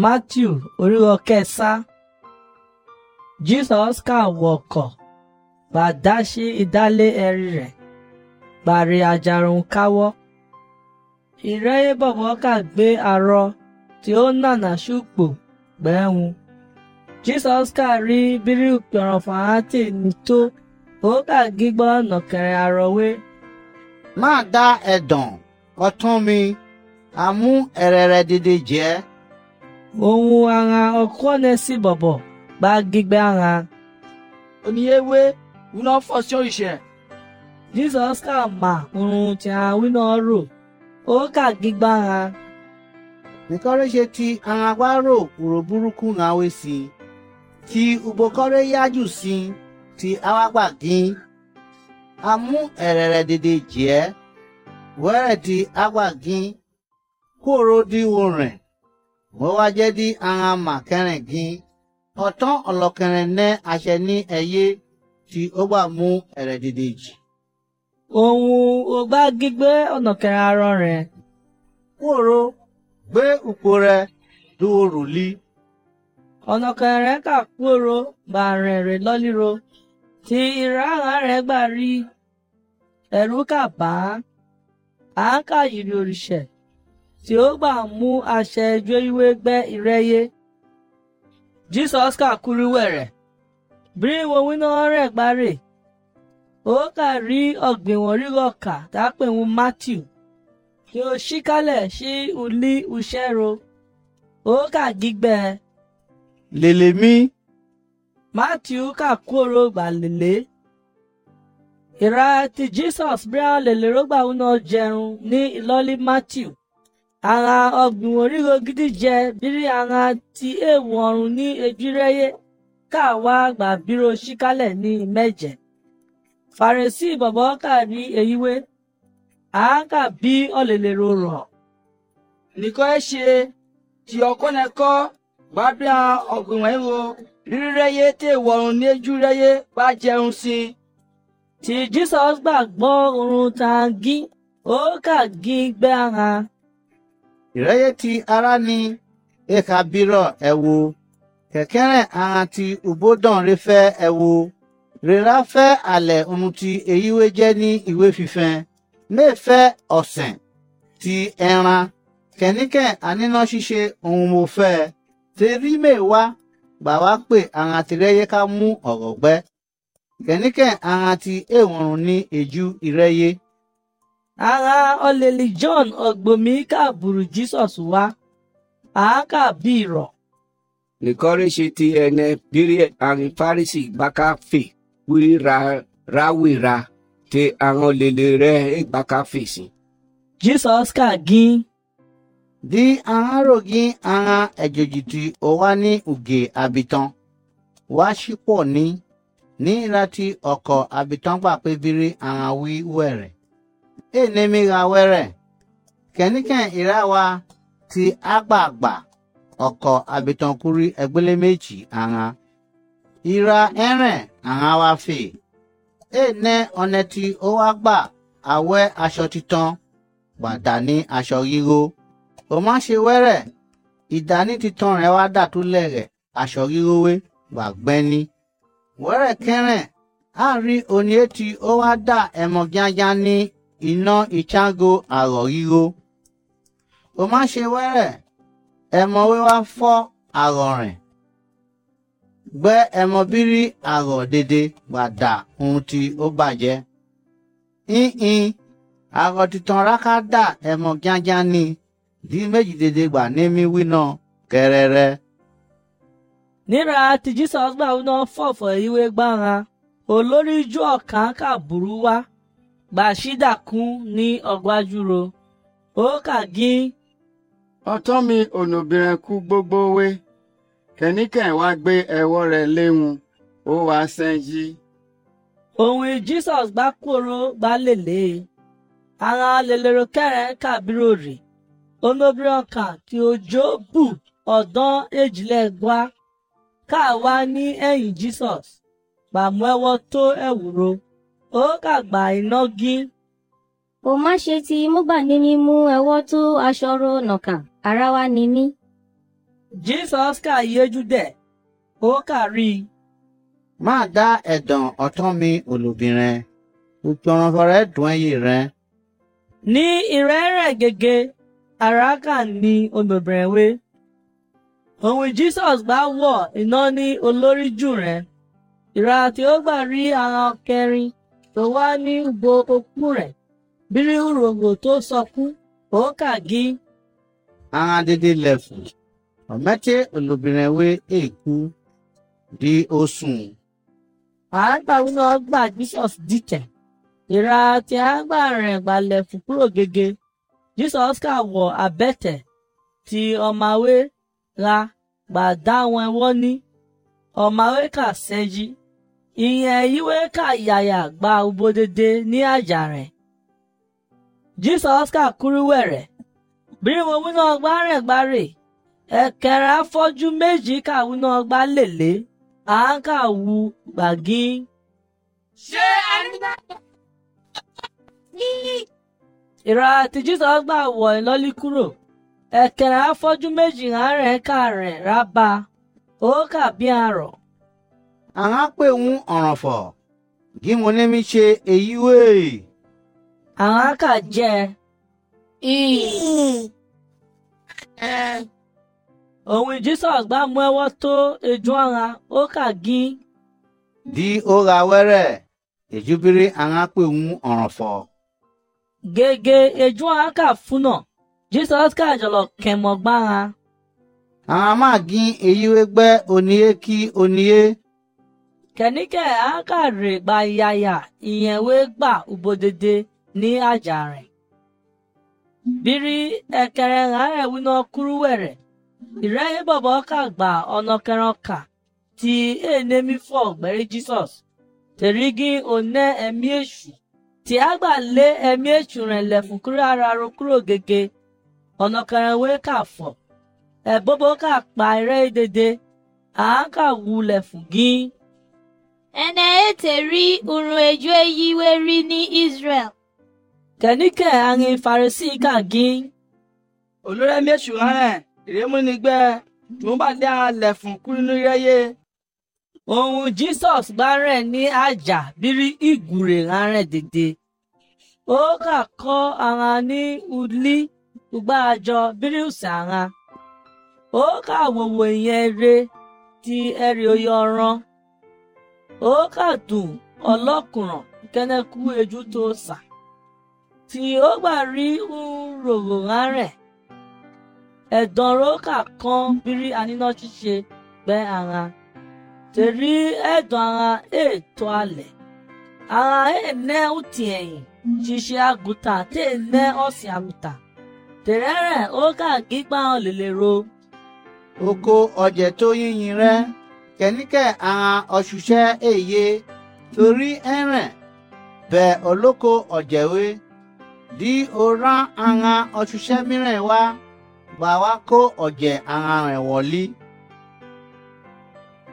Matiu oríwọ kẹsà Jesus kà wọkọ̀ bá dáṣí ìdálé ẹ̀rí rẹ̀ gbàrí ajarun káwọ́. Ìrẹ́yẹ bọ̀bọ̀ kà gbé arọ tí ó nànà ṣùpò gbẹ́hùn. Jesus kà rí bírí ìpẹ̀rọ̀fà àti nító ó kà gbígbọ́ nọ̀kẹ̀rẹ̀ àrọ̀wé. Má dá ẹ̀dàn ọ̀tún mi, àmú ẹ̀rẹ̀rẹ̀ dìde jẹ́. ohun agha ọkụkọ na-esi bọbọ gbagigbe agha oniyewe wuna fọsi oise jizọs ka ma hụrụ cha wina o ka agigbe agha nìkọ́rẹ́ ṣe ti àwọn agbárò òrò burúkú ń awé sí i ti ugbókọ́rẹ́ yájú sí i ti A amú ẹ̀rẹ̀rẹ̀ dèdè jẹ́ wẹ́rẹ̀ di agbàgín kóró di orìn. mowajedi agha ma kẹrin gin ọtán ọlọkẹrin nẹ aṣẹ ní ẹyẹ tí ó gbà mú ẹrẹdìdì jì. ohun ò bá gbígbé ọ̀nà kẹrin arọ rẹ. kúrò gbé ùpò rẹ dúró lí. ọ̀nà kẹrin rẹ kà kúrò bá rẹ̀ rẹ̀ lọ́líro tí ìráhà rẹ̀ gbà rí ẹ̀rú kà bá a ń kà yìí rí oríṣẹ́. Jehovah mú àṣẹ iwe gbẹ́ ìrẹ́yé. Jisọs kàkúrú wẹ̀rẹ̀. Bírí wo winá rẹ̀ gbárè. Ó kà rí ọ̀gbìn wọn rí ọkà tápẹ̀ wọn Matthew. Yóò ṣí kálẹ̀ sí ulí uṣẹ́ro. Ó kà gbígbẹ. Lèlè mi. Matthew kà kúrò gbà lèlè. Ìra ti Jesus bí a lèlè rógbà wọn jẹun ní ìlọ́lí Matthew àghan ọ̀gbìn orígho gidi jẹ bírí àghan ti èèwọ̀ ọ̀run ní ebírẹ́yé káàwá àgbà bíró síkálẹ̀ ní mẹ́jẹ̀. fàrẹ̀sì bọ̀bọ̀ kà ní èyíwé àákà bí ọ̀lẹ̀lẹ̀rọ̀ rọ̀. nìkọ́ ẹ ṣe tí ọkọ́nẹ́kọ́ gbádùn ọ̀gbìn wọ̀nyí wo rírẹ́yé tè wọ̀run ní ejúrẹ́yé bá jẹun sí i. tí Jesus gbàgbọ́ oorun tàǹgì ó kà gí gbẹ́ àhàn ìrẹ́yẹ ti ara ni eka bírọ̀ ẹ wo kẹ̀kẹ́rẹ̀ ahàn ti ubodàn refẹ́ ẹ wo rera fẹ́ àlẹ̀ ohun ti èyíwé jẹ́ ní ìwé fífẹ́ mẹ́fẹ́ ọ̀sẹ̀ ti ẹran kẹ̀níkẹ̀ àníná ṣíṣe ohun mo fẹ́ tẹ̀rí mẹ́wàá gbà wá pé ahàn tìrẹ́yẹ ká mú ọ̀rọ̀ gbẹ́ kẹ̀níkẹ̀ ahàn ti èwọ̀n ní èjú ìrẹ́yẹ ara ọlẹlì John ọgbọmi káàbùrù Jesus wá àáká bí ìrọ̀. nìkọ́rìṣì ti ẹnẹ bírí àrùn fárísì gbàkáfì wíra ráwìra ti àwọn lèlè rẹ gbàkáfì sí. Jesus kà gín. dị aharo gị agha ejojiti ụwa ní uge abitan wá sípò ní ní láti ọkọ̀ abitan gbà pé bírí àwọn wí wẹ̀rẹ̀ enemi ghawere keniken irawa ti agbagba ọkọ abitankuri egbele meji agha ira eren agha wa fe ene ọ̀nà tí ó wá gbà àwẹ́ aṣọ titan bàtà ní aṣọ ríro ó má ṣe wẹ́rẹ̀ ìdání titan rẹ̀ wá dàtúlẹ̀ rẹ̀ aṣọ rírowe gbàgbẹ́ni wẹ́rẹ̀ kẹrẹ̀ a rí oníyé tí ó wá dà ẹ̀mọ́ gíágíá ní iná ìṣágo àrọ̀ ríro. o má ṣe wẹ́rẹ̀ ẹmọ wíwá fọ́ àrọ̀ rìn gbẹ́ ẹmọ bírí àrọ̀ dédé gbàdà ohun tí ó bàjẹ́. yínyìn àrọ̀ titan rákádà ẹmọ gíángíá ni dí méjì dédé gbà ní míwí náà kẹrẹrẹ. níra tí Jesus gbà ń fọ̀fọ̀ ìwé gbára olórí ijó ọ̀kan kàbúrú wá. Bàṣídà kún ní ọgbájúro ó kà gín. ọ̀tọ́ mi ònòbìnrin kú gbogbo wé kẹ́níkẹ́ wá gbé ẹ̀wọ́ rẹ̀ léwu ó wá sẹ́yí. òun Jesus gbá kóró gbá lèlè ara lèlèrò kẹrẹ kàbírò rè onóbìnrin ọkà tí òjò bù ọ̀dán èjìlélẹ́gbá ká wá ní ẹ̀yìn Jesus pàmò ẹwọ́ tó ẹ̀wúro. E ó kàgbà iná gín. ó má ṣe ti múgbànínímú ẹwọ́ tó aṣọ ro nàkàn ara wa ni mí. Jesus kà yéjú dẹ̀ ó kà rí i. máa dá ẹ̀dàn ọ̀tán mi olùbìnrin ìgbọ̀nrànfọ̀ rẹ̀ dùn ẹyìn rẹ̀. ní ìrẹ́rẹ̀ gègé àràkà ni olùbìnrin wé. òun Jesus gbà wọ̀ iná ní olórí jù rẹ̀ ìra tí ó gbà rí àwọn kẹrin tó wá ní bo okú rẹ̀ bíríú rògbò tó sọkú ó kà gí. Agha dede lẹ̀fù, ọ̀mẹ́tí olóbìnrin wé èkú di osùn. Àágbàwúná gbà Jesus dìtẹ̀, ìra ti àgbà rẹ̀ gbalẹ̀fù kúrò gẹ́gẹ́. Jesus kà wọ̀ abẹ́tẹ̀ ti ọ̀màwé la gbà dá wọn wọ́n ní ọ̀màwé kà sẹ́yìn. ìyẹn ìwé kàyàyà gba òbodede ní àjàrẹ̀. Jisọs kà kúrú wẹ̀rẹ̀ bírímọ wúná ọgbà rẹ̀ gbárè ẹ̀kẹ̀rẹ̀ afọ́jú méjì kà wúná ọgbà lèlé a ń wu gbàgí. Jisọs gba wọ̀ ẹ́ kúrò ẹ̀kẹ̀rẹ̀ afọ́jú méjì rábà aghakpenwu ọ̀rànfọ̀ gị nwere miche eyiwe aghakaje ii òun Jisọs gbá mú ẹwọ́ tó eju ọ̀ra ó kà gí. di ụgha were ejubiri aghakpenwu ọ̀rànfọ̀. gègé eju ọ̀ra kà fúnà Jisọs kà jọlọ kẹmọ gbára. àwọn máa gín èyí wẹgbẹ́ oníyé kí oníyé. Kenike ákàrè gba ìyàyà ìyẹn wé gba ubodede ní àjàrìn. biri ẹ̀kẹrẹ ńhárẹ̀ wúná kúrúwẹ̀rẹ̀ ìrẹ́yìn bọ̀bọ̀ kà ti lé rẹ̀ lẹ̀fún kúrò ara ro kúrò gègé ọ̀nà kẹrin ka kà fọ̀ Ene enayeteri urueju eyiweri ní Israel. kẹ̀níkẹ̀ àrin Farisí kà gín. olórí méṣù hàn ìrémúnigbẹ́ tùmúbàdé alẹ̀ fún kúrínú yẹ́yẹ́. ohun Jesus gbara rẹ̀ ní àjà bírí ìgùrè rárẹ̀ dèdè. ó kà kọ́ ara ní ulí gbogbo àjọ bíríùsì ara. ó kà wòwò ìyẹn re ti ẹ̀rì oye ọ̀ràn. ó kà dùn ọlọ́kùnràn kẹ́nẹ́kú eju tó sà tí ó gbà rí ń ròrò rárẹ̀ ẹ̀dàn kan bírí aníná gbe ara tèrí ẹ̀dàn ara èètò alẹ̀ ara èèné òtì oko ọ̀jẹ̀ tó yíyin kenike agha ọchụche eye tori ere be oloko ojewe dị ụra agha ọchụche mire wa gbawa ko oje agha rewoli.